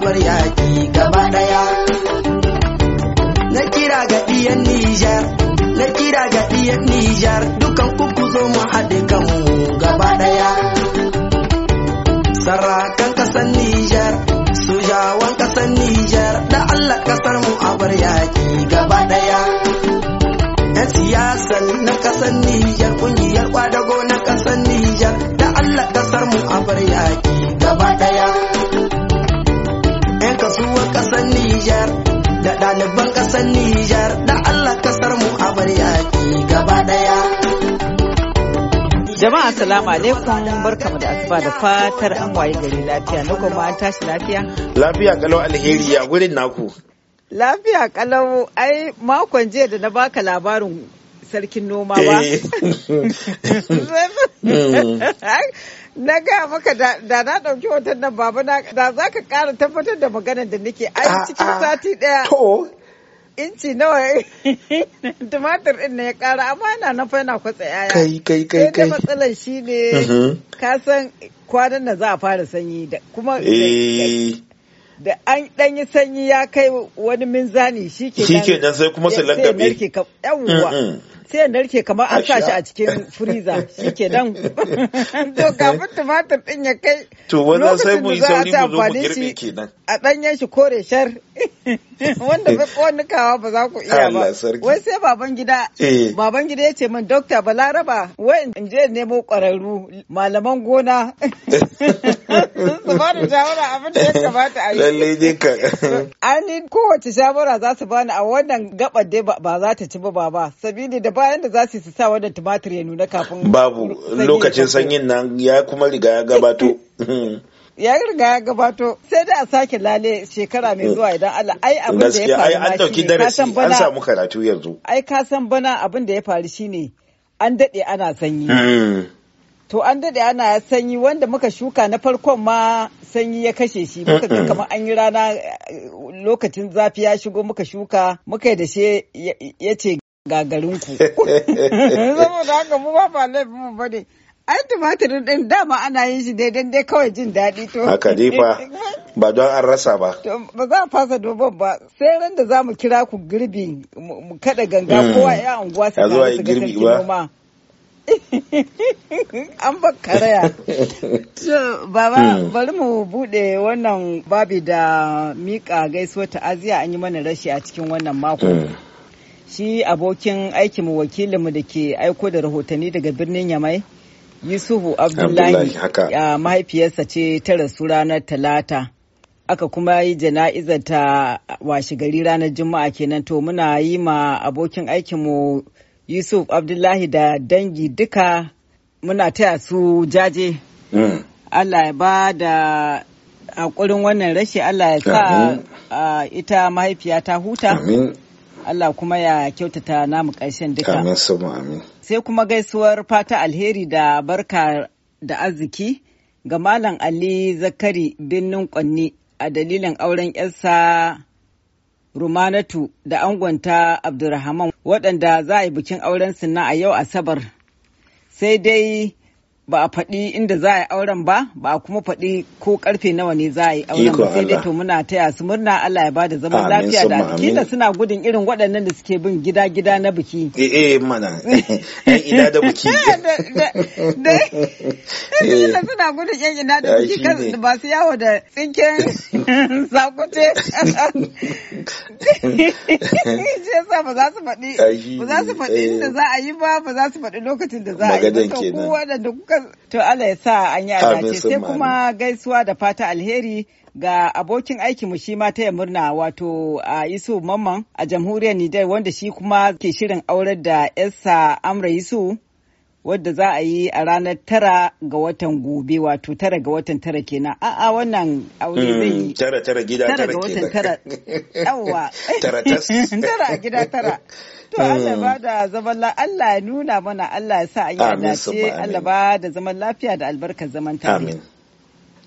bar yaki gaba daya na kira ga iyan nijar na kira ga ɗiyan nijar dukan kuku zo mu haɗe kanmu gaba sarakan kasan nijar sojawan ƙasar nijar da allah kasar mu abar yaki gaba daya yan siyasar na kasan nijar ƙungiyar ƙwadago na ƙasar nijar da allah kasar mu abar yaki Nijar da ɗaliban ƙasar Nijar da Allah kasar mu a bar yaƙi gaba ɗaya. Jama'a salamu alaikum barkamu da asuba da fatar an waye gari lafiya na kuma an tashi lafiya. Lafiya kalau alheri ya gurin naku. Lafiya kalau ai makon jiya da na baka labarin sarkin noma ba. Eh. na ga maka da na ɗauki hoton nan babu na da za ka ƙara tabbatar da maganar da nake a ah, cikin ah. sati ɗaya to inci nawa tumatir ɗin na ya ƙara amma yana na fa yana kwatsa yaya kai kai kai kai matsalar shi ne mm-hmm. ka san kwanan na za a fara sanyi da kuma da eh. an ɗanyi yi sanyi ya kai wani minzani shi ke nan sai kuma su langabe yawwa sai ya narke kamar an sa shi a cikin freezer shike dan to kafin tumatir din ya kai to wannan sai mu yi sauri mu zo mu girbe a danyen shi kore shar wanda ba kawa ba za ku iya ba wai sai baban gida eh. baban gida ya ce min dokta balaraba wai in je nemo kwararru malaman gona su ba da shawara abin da ya kamata a yi lalle ne ka kowace shawara za su bani a wannan gabar dai ba za ta ci ba ba sabili da bayan da za su su sa wannan tumatir ya nuna kafin babu lokacin sanyin nan ya kuma riga ya gabato ya riga ya gabato sai da a sake lale shekara mai zuwa idan Allah ai abin da ya faru an dauki darasi an samu karatu yanzu ai ka san bana abin da ya faru shine an dade ana sanyi hmm. to an dade ana sanyi wanda muka shuka na farkon ma sanyi ya kashe shi muka ga kamar an yi rana eh, lokacin zafi ya shigo muka shuka muka yi da shi ya ce gagarinku. Saboda haka mu ba ba laifin mu ne. Ai tumatir ɗin dama ana yin shi daidai dai kawai jin daɗi to. Haka dai fa ba don an rasa ba. Ba za a fasa doban ba sai ran da za mu kira ku girbi mu kada ganga hmm. kowa ya unguwa su ga su girbi ba. An ba karaya. Baba hmm. bari mu buɗe wannan babi da miƙa ta aziya an yi mana rashi a cikin wannan mako. Hmm. shi abokin aikinmu wakilinmu da ke aiko da rahotanni daga birnin yamai yusufu abdullahi a mahaifiyarsa ce ta rasu ranar talata aka kuma yi jana'izar ta washe gari ranar juma'a kenan to muna yi ma abokin aikinmu yusuf abdullahi da dangi duka muna taya su jaje hmm. allah ya ba da haƙurin wannan rashi allah ya sa ita mahaifiya ta huta Allah kuma ya kyautata namu ƙarshen duka. Amin sama amin. Sai kuma gaisuwar fata alheri da barka da arziki ga Malam Ali Zakari birnin Kwanni a dalilin auren yarsa Rumanatu da angonta Abdurrahman. waɗanda za a yi bikin aurensu na a yau Asabar. Sai dai ba a faɗi inda za a yi auren ba ba a kuma faɗi ko karfe nawa ne za a yi auren ba sai dai to muna taya su murna Allah ya bada zaman lafiya da kila suna gudun irin waɗannan da suke bin gida gida na biki eh eh mana yan ina da biki eh. kila suna gudun yan ina da biki kan ba su yawo da tsinken sakute shi yasa ba za su faɗi ba za su faɗi inda za a yi ba ba za su faɗi lokacin da za a yi ba waɗanda kuka to Allah ya sa an yi dace sai kuma gaisuwa da fata alheri ga abokin aikinmu shi ma taya murna wato a Yusuf Mamman a jamhuriyar Nijar wanda shi kuma ke shirin aurar da yarsa Amra Yusuf wadda za a yi a ranar tara ga watan gobe wato tara ga watan tara kenan a'a wannan aure hmm, zai yi tara tara gida tara kenan tara yawa tara tara gida tara To Allah hmm. ba da zaman lafiya Allah ya nuna mana Allah ya sa a yi Allah ba da zaman lafiya da albarkar zaman ta Amin.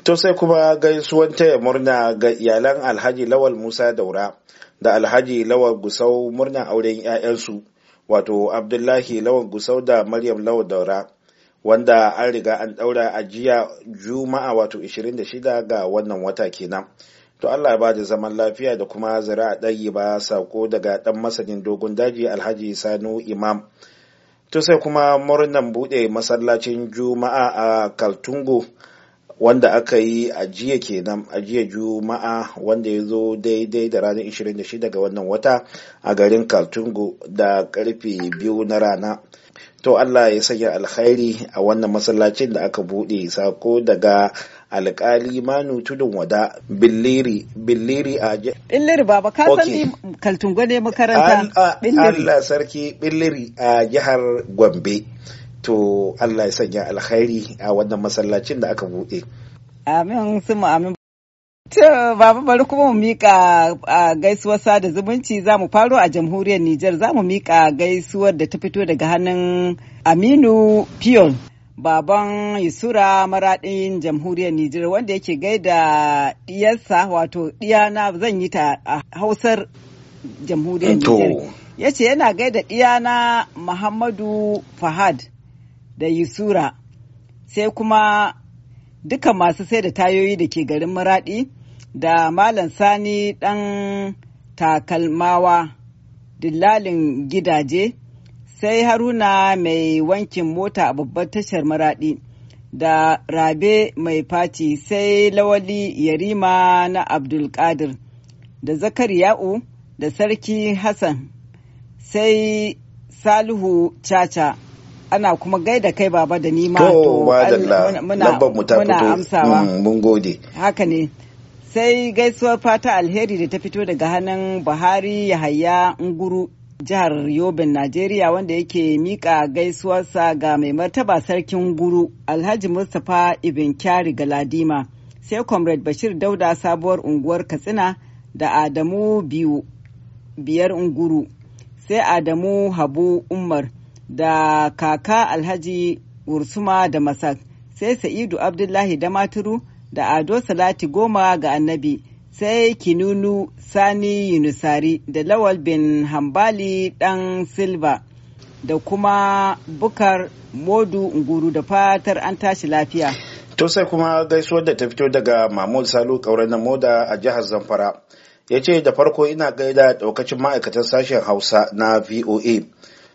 To sai kuma gaisuwan taya murna ga iyalan Alhaji Lawal Musa Daura da Alhaji Lawal Gusau murna auren 'ya'yansu wato Abdullahi Lawal Gusau da Maryam Lawal Daura wanda an riga an ɗaura a jiya Juma'a wato 26 ga wannan wata kenan. To Allah ba da zaman lafiya da kuma zira ɗayi ba sako daga ɗan masanin dogon daji Alhaji Sanu Imam. To sai kuma murnan buɗe masallacin Juma'a a Kaltungo wanda aka yi a jiya kenan a jiya Juma'a wanda ya zo daidai da ranar 26 ga wannan wata a garin Kaltungo da karfe biyu na rana. To Allah ya sanya alkhairi a wannan masallacin da aka buɗe sako daga alkali manu tudun wada billiri billiri a billiri baba ka san kaltungo ne makaranta Allah sarki billiri a jihar Gombe to Allah ya sanya alkhairi a wannan masallacin da aka bude amin sun amin To, baba bari kuma mu mika gaisuwar sada zumunci za mu faro a jamhuriyar Nijar za mu mika gaisuwar da ta fito daga hannun Aminu Piyon baban Yusura maraɗin jamhuriyar Nijar wanda yake gaida ɗiyarsa wato ɗiyana zan yi ta a hausar jamhuriyar Nijar. Ya ce yana gaida ɗiyana Muhammadu Fahad da Yusura sai kuma duka masu sai da tayoyi da ke garin maraɗi da Malam Sani ɗan takalmawa dillalin gidaje sai haruna mai wankin mota a babbar tashar maradi da rabe mai faci sai lawali yarima na abdulkadir da zakariya'u da sarki hassan sai salihu caca ana kuma gaida kai baba da nima to muna mm, amsawa mun haka ne sai gaisuwar fata alheri da ta fito daga hannun buhari yahaya nguru jihar Yobin Najeriya wanda yake mika gaisuwarsa ga mai martaba sarkin guru Alhaji Mustapha Ibn Kyari Ladima, sai Comrade Bashir Dauda sabuwar unguwar Katsina da Adamu biyu biyar unguru sai Adamu Habu Umar da kaka Alhaji Ursuma da Masak sai Sa'idu Abdullahi Damaturu da Ado Salati Goma ga Annabi. sai Kinunu Sani Yunusari da Lawal bin Hambali dan Silva da kuma Bukar Modu Nguru da fatar an tashi lafiya. To sai kuma gaisuwar da ta fito daga Mahmud Salu kauren na Moda a jihar Zamfara. Ya ce da farko ina gaida ɗaukacin ma'aikatan sashen Hausa na VOA.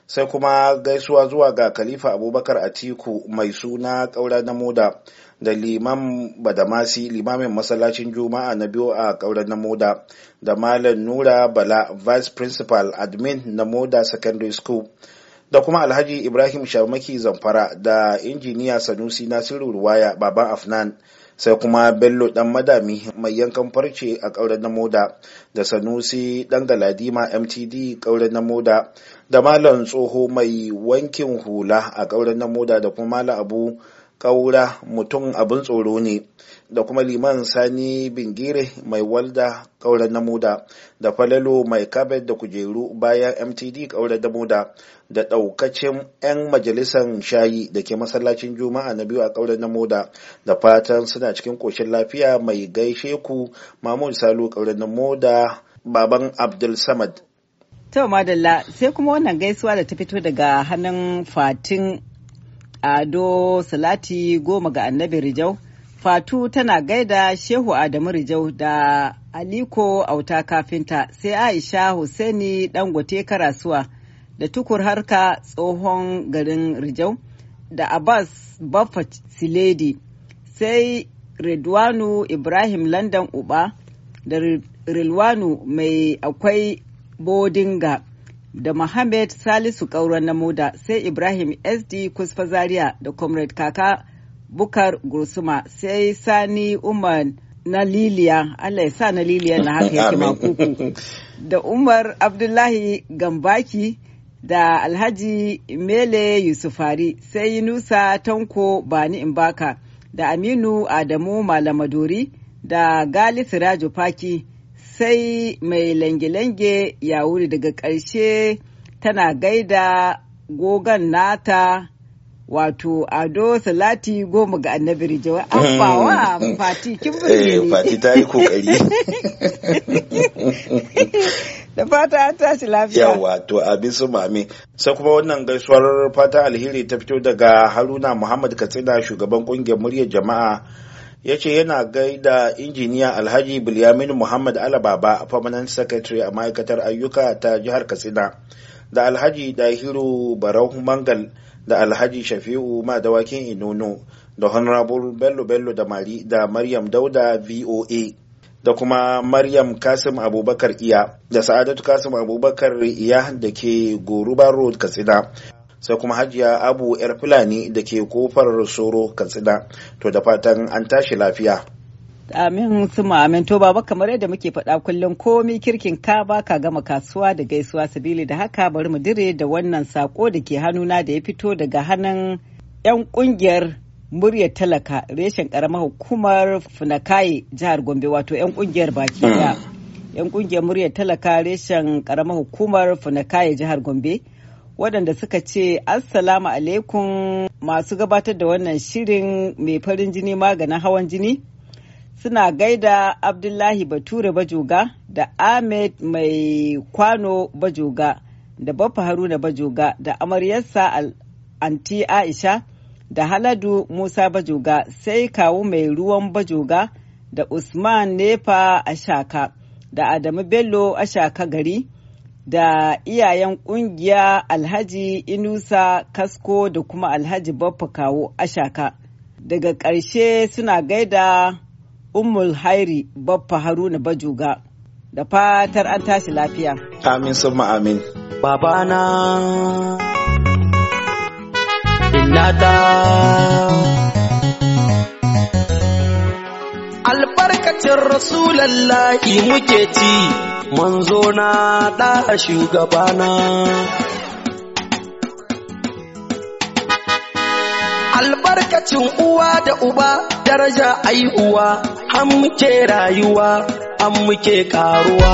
sai kuma gaisuwa zuwa ga khalifa abubakar atiku mai suna ƙaura na moda da liman badamasi limamin masallacin juma'a na biyu a ƙaura na moda da malam nura bala vice principal admin na moda secondary school da kuma alhaji ibrahim shamaki zamfara da injiniya sanusi nasiru ruwaya baban afnan sai kuma bello dan madami mai yankan farce a ƙauren na moda da sanusi dan galadima mtd ƙauren na moda da malam tsoho mai wankin hula a ƙaurin namoda da kuma malam abu ƙaura mutum abin tsoro ne da kuma liman sani bingire mai walda ƙaurin namoda da falalo mai kabet da kujeru bayan mtd ƙaurin namoda da ɗaukacin 'yan majalisar shayi da ke masallacin juma'a na biyu a ƙaurin namoda da fatan suna cikin ƙoshin lafiya mai gaishe ku mahmud salu ƙaurin na baban abdul samad To madalla sai kuma wannan gaisuwa da ta fito daga hannun fatin ado salati goma ga annabi Rijau. Fatu tana gaida Shehu Adamu Rijau da Aliko Auta Kafinta sai Aisha Hussaini Dangote Karasuwa da Tukur Harka tsohon garin Rijau da Abbas Baffa Siledi sai Redwanu Ibrahim London Uba da Rilwanu mai akwai bodinga da Mohammed Salisu Kauran na Moda sai Ibrahim SD Kusfa Zaria da Comrade Kaka Bukar Gursuma sai Sani Umar na Liliya Allah ya sa na Liliya na haka yake kuku da Umar Abdullahi Gambaki da Alhaji Mele Yusufari sai Yunusa Tanko Bani Imbaka da Aminu Adamu Malamadori da Gali Sirajo Faki. sai mai lange-lange ya wuri daga ƙarshe tana gaida gogon nata wato ado salati goma ga annabi rijawa an fati kin ne eh, fati ta yi kokari da fata an tashi lafiya yawa to abin su mami sai kuma wannan gaisuwar fata alheri ta fito daga haruna muhammad katsina shugaban kungiyar muryar jama'a ya ce yana gaida injiniya alhaji bilyamin muhammad alababa permanent secretary a ma'aikatar ayyuka ta jihar katsina da alhaji dahiru barau mangal da alhaji shafi'u madawakin inono da honorable bello bello da mari da maryam dauda voa da kuma maryam kasim abubakar iya da sa'adatu kasim abubakar iya da ke goruba road katsina sai kuma hajiya abu yar fulani da ke kofar soro katsina to da fatan an tashi lafiya amin suma amin to baba kamar yadda muke faɗa kullum komi kirkin ka ba ka gama kasuwa da gaisuwa sabili da haka bari mu dire da wannan sako da ke hannuna da ya fito daga hannun 'yan kungiyar muryar talaka reshen karamar hukumar funakaye jihar gombe wato 'yan kungiyar baki ya hmm. 'yan kungiyar muryar talaka reshen karamar hukumar funakaye jihar gombe waɗanda suka ce assalamu alaikum masu gabatar da wannan shirin mai farin jini maganin hawan jini suna gaida abdullahi bature bajoga da ahmed mai kwano bajoga da Bafa haruna bajoga da amaryarsa anti aisha da haladu musa bajoga sai kawo mai ruwan bajoga da usman nefa ashaka da adamu bello ashaka gari da iyayen kungiya alhaji inusa kasko da kuma alhaji baffa kawo ashaka daga ƙarshe suna gaida ummul hairi baffa haruna bajuga da fatar an tashi lafiya amin sun amin na inata albarkacin rasulallahi muke ci manzo na ɗa shugabana. albarkacin uwa da uba daraja aihuwa an muke rayuwa an muke karuwa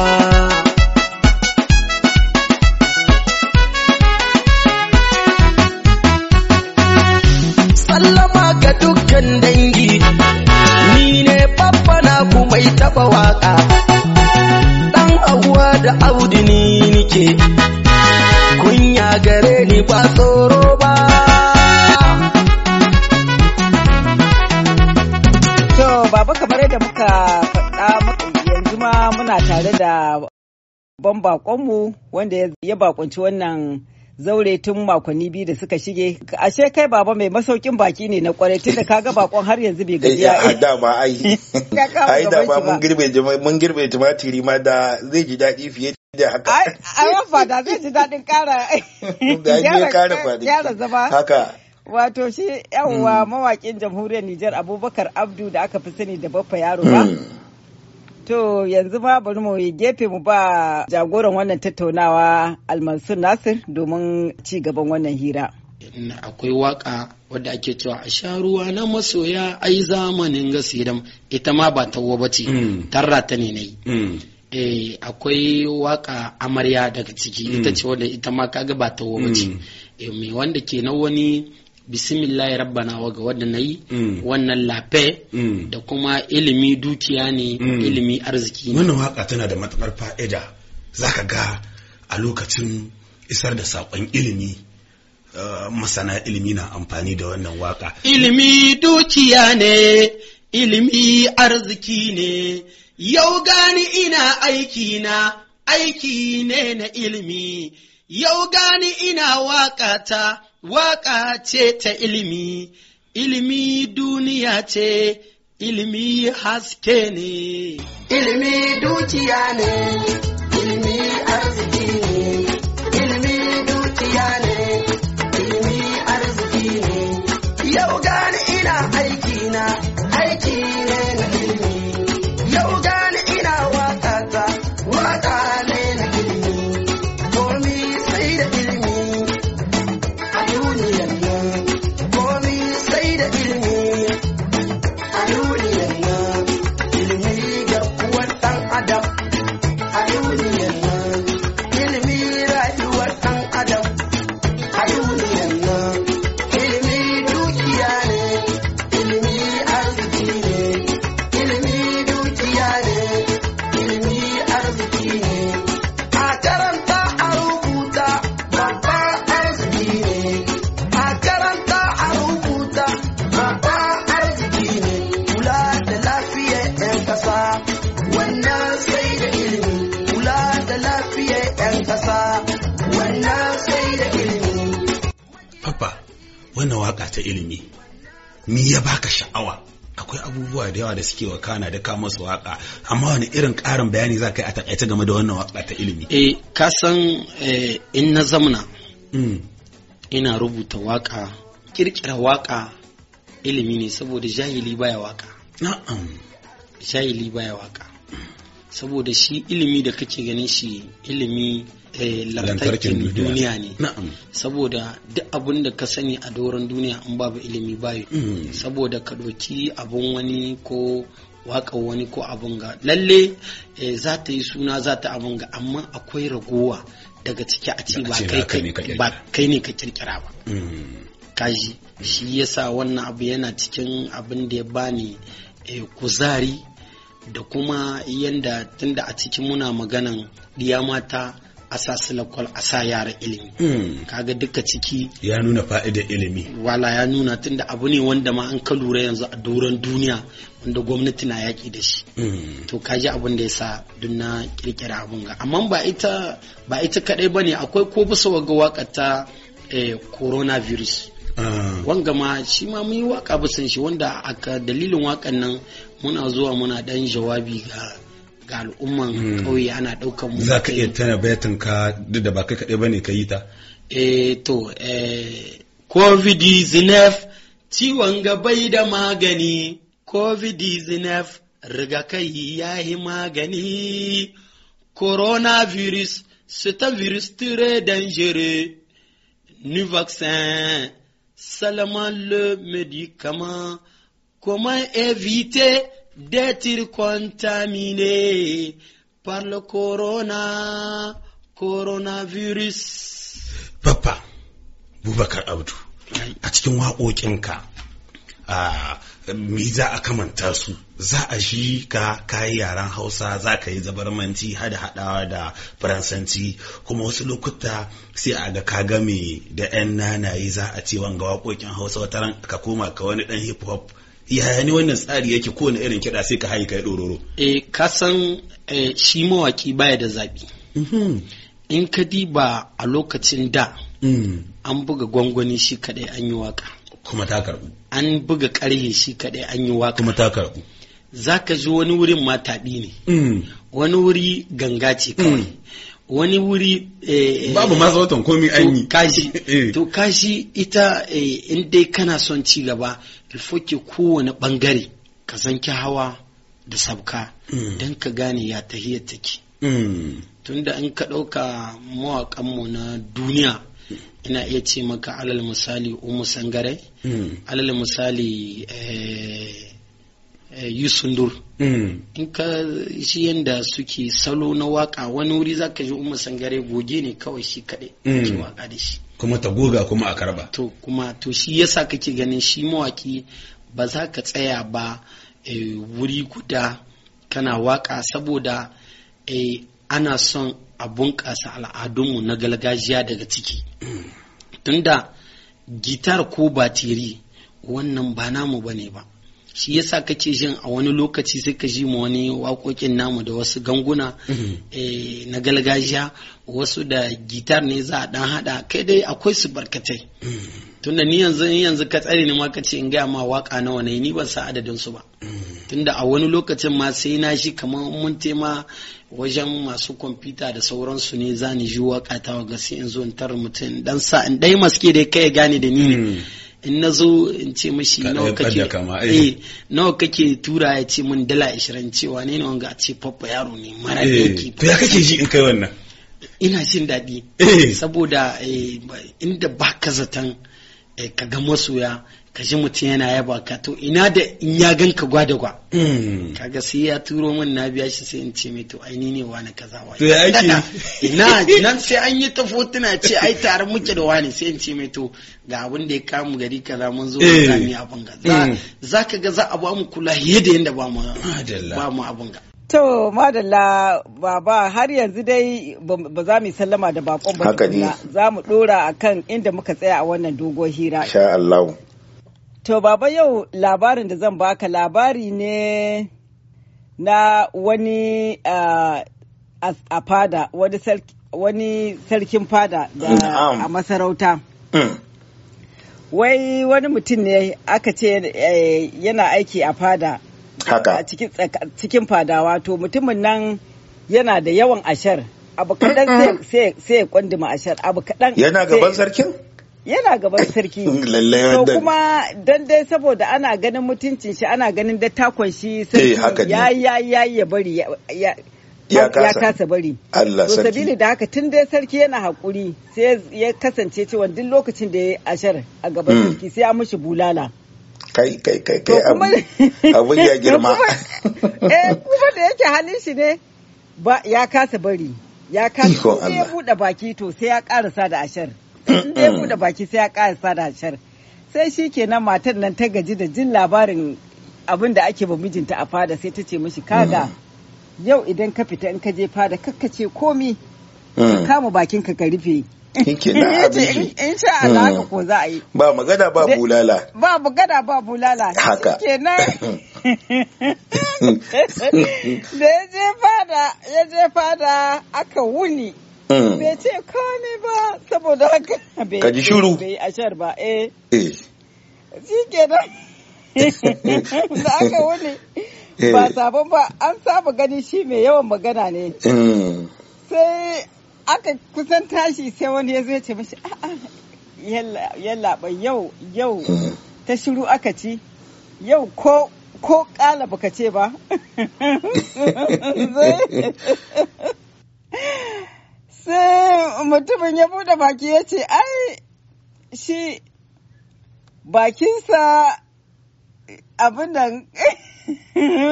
sallama ga dukkan dangi ni ne babba na kuma taba waka da audi ni nike kunya gare ni ba tsoro ba to baba kamar yadda muka faɗa yanzu ma muna tare da ban bakonmu wanda ya bakunci wannan zaure tun makonni biyu da suka shige ashe kai baba mai masaukin baki ne na kwarai tun da kaga bakon har yanzu bai gaji ya eh, da ma ai ai da ma mun girbe mun girbe tumatiri ma da zai ji daɗi fiye da haka ai ai fada zai ji daɗin ƙara gyara zama haka Wato shi yawwa hmm. mawakin jamhuriyar Nijar Abubakar Abdu da aka fi sani da Baffa Yaro ba. Hmm. To yanzu ma bari mu gefe mu ba jagoran wannan tattaunawa Almansur Nasir domin ci gaban wannan hira. Akwai waka wadda ake cewa a sha ruwa na masoya ai zamanin gasiram ita ma ba tawo ba ce mm. tarra ta ne na mm. eh, Akwai waka amarya daga ciki ita mm. ce wadda ita ma kaga ba tawo ba ce. Mai eh, wanda ke na wani bismillahi rabbana wa ga wadda na yi mm. wannan lafe mm. da kuma ilimi dukiya ne mm. ilimi arziki ne wannan waka tana da matukar fa'ida zaka ga a lokacin isar da saƙon ilimi uh, masana ilimi na amfani da wannan waka ilimi dukiya ne ilimi arziki ne yau gani ina aiki na aiki ne na ilimi yau gani ina waƙata waƙa ce ta ilimi, ilimi duniya ce, ilimi haske ne. Ilimi dukiya ne, ilimi arziki ne, ilimi dukiya ne, ilimi arziki ne. Yau gani ina wannan waka ta ilimi ni ya baka sha'awa akwai abubuwa da yawa da suke wakana da kama su waka amma wani irin karin bayani za ka yi a takaice game da wannan waka ta ilimi eh ka san eh, in na zamna mm. ina rubuta waka kirkira waka ilimi ne saboda jahili baya waka na'am jahili baya waka saboda shi ilimi da kake ganin shi ilimi Eh, lantarkin duniya ne saboda duk abin da ka sani a doron duniya in babu ilimi bayu hmm. saboda ka ɗauki abin wani ko waka wani ko abin ga lalle eh, za ta yi suna za ta abin ga amma akwai ragowa daga ciki a ce ba kai ne ka kirkira ba hmm. kaji shi yasa wannan abu yana cikin abin da ya bani eh, kuzari da kuma yanda tunda a cikin muna maganan diya mata Asa sa kwal a sa yara ilimi hmm. kaga duka ciki ya nuna fa'idar ilimi wala ya nuna tunda abu ne wanda ma an ka lura yanzu a doron duniya wanda gwamnati na yaƙi da shi hmm. to kaji abin da ya sa duk na kirkira abin ga amma ba ita ba ita bane akwai ko bisa ga waka ta eh, coronavirus ah. wanga ma shi ma mun yi waka bisan shi wanda aka dalilin wakan nan muna zuwa muna dan jawabi ga ga al'umman hmm. ƙauye ana ɗaukan mu za ka iya tana bayatin ka duk da ba kai kaɗai bane ka yi ta eh to eh covid enough ciwon gabai da magani covid enough riga ya yi magani coronavirus c'est un virus très dangereux ni vaccin seulement le médicament comment éviter detir contaminé par le corona, coronavirus. Papa, Bubakar Abdu, a cikin waƙoƙinka, a mi za a kamanta su, za a shi ka kayi yaren Hausa za ka yi zabarmanci hada hadawa da Faransanci, kuma wasu lokuta sai a ga ka game da 'yan nanayi za a ce wanga waƙoƙin Hausa wataran ka koma ka wani dan hip hop. yaya ne wannan tsari yake kowane irin kiɗa sai ka haika ya ɗororo E, ka san eh, shi mawaki baya da zaɓi mm-hmm. in ka diba a lokacin da mm. an buga gwangwani shi kaɗai an yi waka kuma ta karɓu an buga ƙarhe shi kaɗai an yi waka kuma ta karɓu za ka ji wani wurin ma taɓi ne mm. wani wuri ganga ce mm. kawai wani wuri eh, babu ma watan komi an yi kashi to kashi ita in dai kana son ci gaba ilfoke kowane bangare ka zanki hawa da sabka mm. don ka gane ya tahiyar take mm. tunda in ka ɗauka mawaƙanmu na duniya mm. ina iya ce maka alal misali umu sangare alal misali eh, eh, yusundur in ka shi yadda suke salo na waka wani wuri za zaka ji umu sangare goge ne kawai shi kaɗai ake waka da shi kuma ta goga kuma a karba to kuma to shi yasa kake ganin shi mawaki ba za ka tsaya ba e, wuri guda kana waka saboda e, ana son a bunƙasa al'adunmu na gargajiya daga ciki tunda gitar ko batiri wannan ba namu ba ne ba shi yasa kake jin a wani lokaci sai ka ji ma wani waƙoƙin namu da wasu ganguna mm-hmm. eh, na galgajiya wasu da gitar ne za a dan hada kai dai akwai su barkatai mm-hmm. tunda ni yanzu in yanzu ka tsare ni ma ka ce in gaya ma waka nawa ne ni ban sa adadin su ba mm-hmm. tunda a wani lokacin ma sai na shi kamar mun tema wajen masu kwamfuta da sauransu ne za ni ji waka ta wa gasi in zo in tar mutum dan sa in dai maske dai kai gane da ni ne in na zo in ce mashi nawa kake eh, nawa kake tura ya ce min dala 20 cewa ne na wanga a ce fafa yaro ne mara yake eh, to ya kake ji in kai wannan ina jin daɗi eh. saboda inda ba ka zaton ka ga masoya ka ji mutum yana yaba ka to ina da in ya gan ka gwada gwa hmm. kaga sai ya turo min na biya shi sai in ce mai to ai ni ne wani kaza wani to ya aiki ina nan sai an yi ta fotuna ce ai tare muke da wani sai in ce mai to ga abin da ya kamu gari kaza mun zo eh. ga ni abin ga hmm. za ka ga za a ba mu kula yadda yanda ba mu ba mu abin ga To, madalla baba har yanzu dai ba za mu sallama da bakon ba za mu dora akan inda muka tsaya a wannan dogon hira. Sha Allah. To baba yau labarin da zan baka labari ne na wani ah, a fada wani, sarkin fada da a masarauta. Hmm. Wai wani mutum ne aka ce eh, yana aiki a fada. Haka. Cikin fadawa to mutumin nan yana da yawan ashar. Abu kaɗan sai ya kwandima ashar. Abu kaɗan. Yana gaban sarkin? yana gaban sarki to kuma don dai saboda ana ganin mutuncin shi ana ganin da takon shi sarki eh, ya ya ya ya bari ya kasa bari Allah sarki sabili da haka tun dai sarki yana hakuri sai ya kasance cewa duk lokacin da ya ashar a gaban hmm. sarki sai ya mushi bulala kai kai kai kai abun ya girma eh kuma da yake halin shi ne ba ya kasa bari ya kasa Sai ya buɗe baki to sai ya karasa da ashar in dai da baki sai ya ƙarasa da hashar sai shi kenan matar nan ta gaji da jin labarin abin da ake ba mijinta a fada sai ta ce mishi kaga mm. yau idan ka fita in ka je fada kakkace komi ka mm. kama bakin ka ka rufe in sha Allah haka mm. ko za a yi ba magana ba bulala ba magana ba bulala haka kenan da ya je fada ya je fada aka wuni Mm. bai ce kome ba saboda haka ka kaji shuru bai ashar ba eh, eh. shi da aka wuni ba eh. sabon ba an saba gani shi mai yawan magana ne mm. sai aka kusan tashi sai wani ya zo ce mashi ah, ah, yalla ba yau yau mm. ta shiru aka ci yau ko ko kala baka ce ba sai mutumin ya bude baki ya ce ai shi bakinsa abin da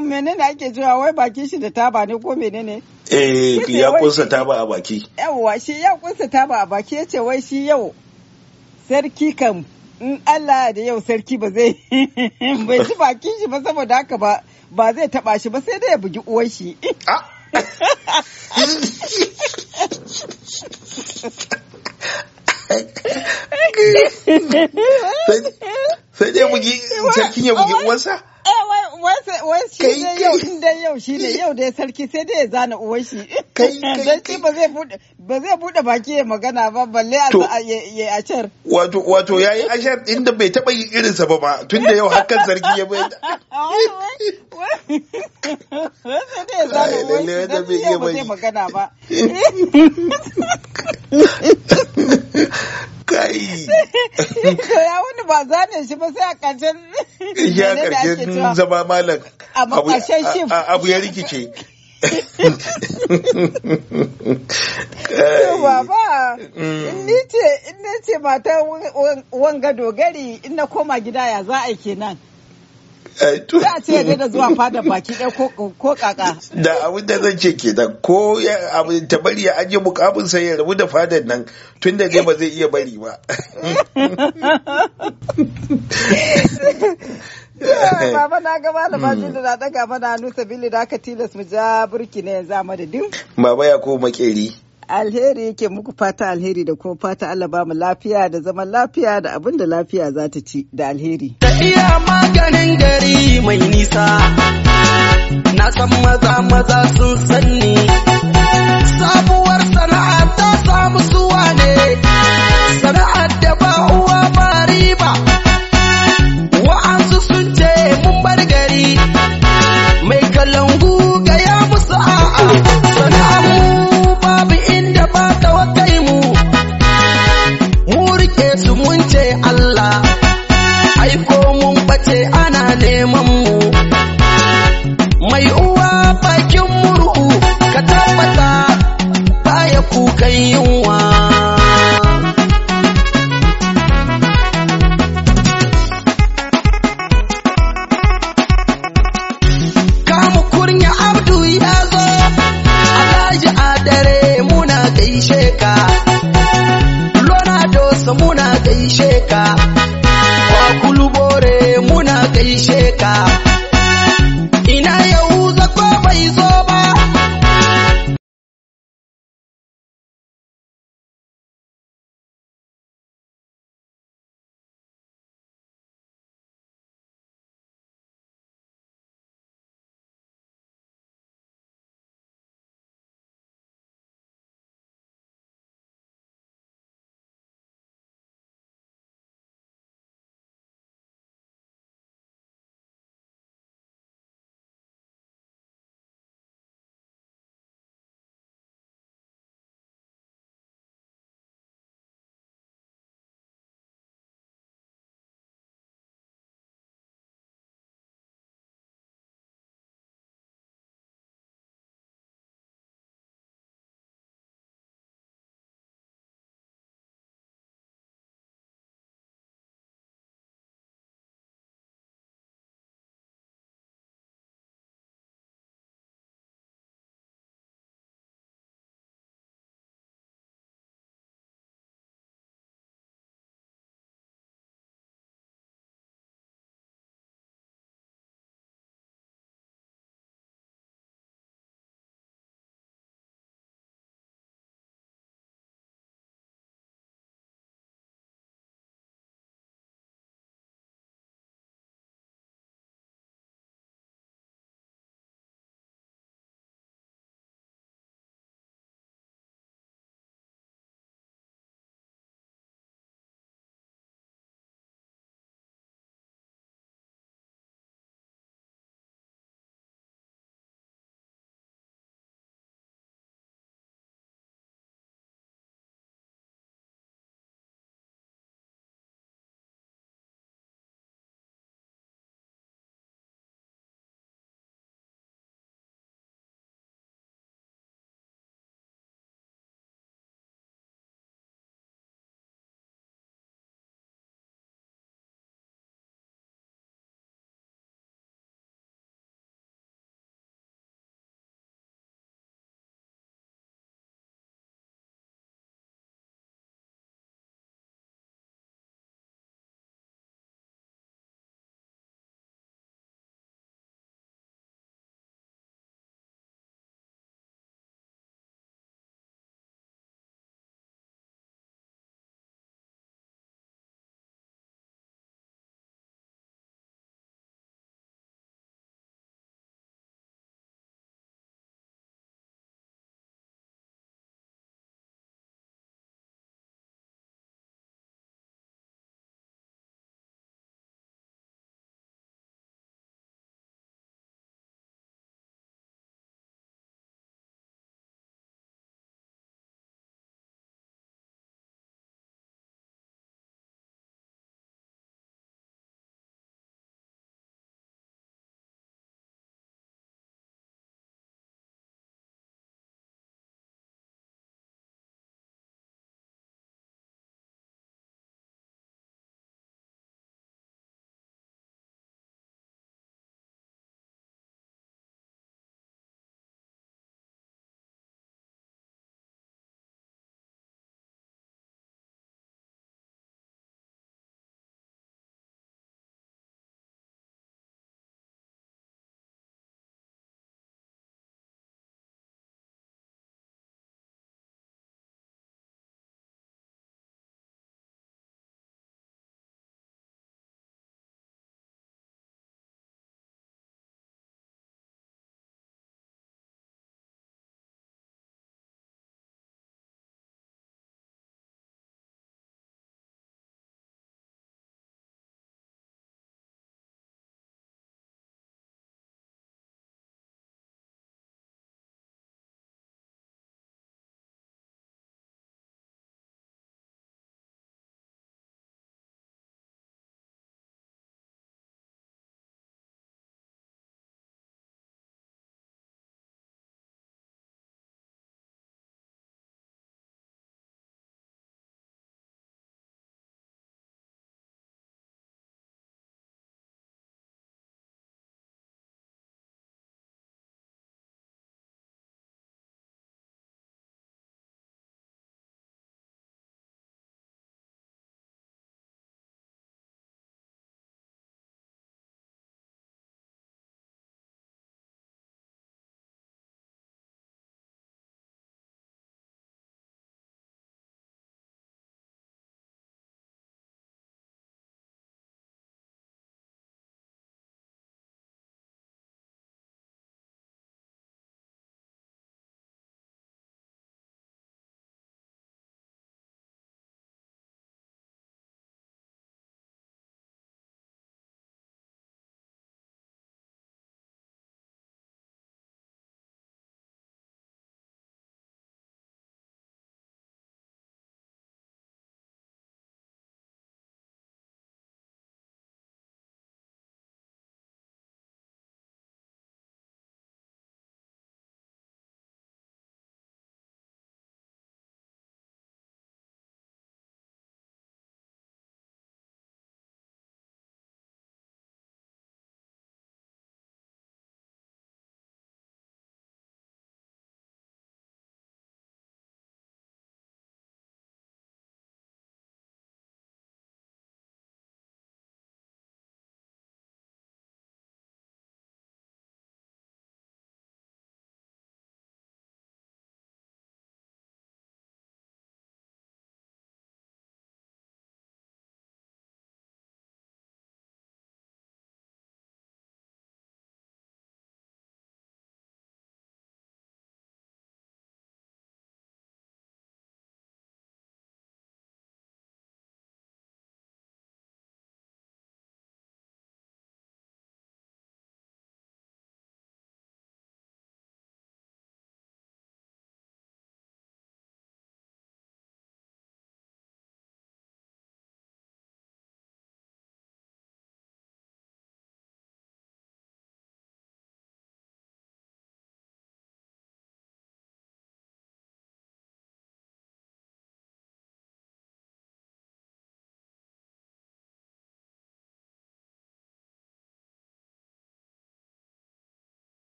menene ake cewa wai bakin shi da taba ne ko menene eh ya kunsa taba a baki yawwa shi ya kunsa taba a baki ya ce wai shi yau sarki kan in Allah da yau sarki ba zai bai ci bakin shi ba saboda haka ba ba zai taba shi ba sai dai ya bugi uwar shi ah! sai dai bugi sarkin ya bugi eh, uwarsa eh, shi ne yau in dai yau shi ne yau dai sarki sai dai ya zana uwar shi. Kai kai ba zai bude ba zai bude baki ya magana ba balle a ya ashar. Wato wato yayi ashar inda bai taba yin irin sa ba ma tunda yau hakan sarki ya bai. Sai dai ya zana uwar shi ba zai magana ba. kai ya wani ba zane shi ba sai a ƙarshen ya ƙarshen zama malam abu ya rikice Baba, mm. ni ce mata wanga dogari in na koma gida ya za a kenan. Eh, Za a ce ya da zuwa fada baki ɗaya ko kaka. Da abin zan ce ke da ko ta bari ya ajiye mukamin sai ya rabu da fadar nan tun da ba zai iya bari ba. Baba na ga malama hmm. da na daga mana nusa bili da aka tilas mu ja burki ne yanzu a madadin. Baba ya ko makeri. Alheri yake muku fata alheri da kuma fata Allah ba mu lafiya da zaman lafiya da abin da lafiya za ta ci da alheri. Tafiya maganin gari mai nisa, na san maza maza sun sanni. Jamaica.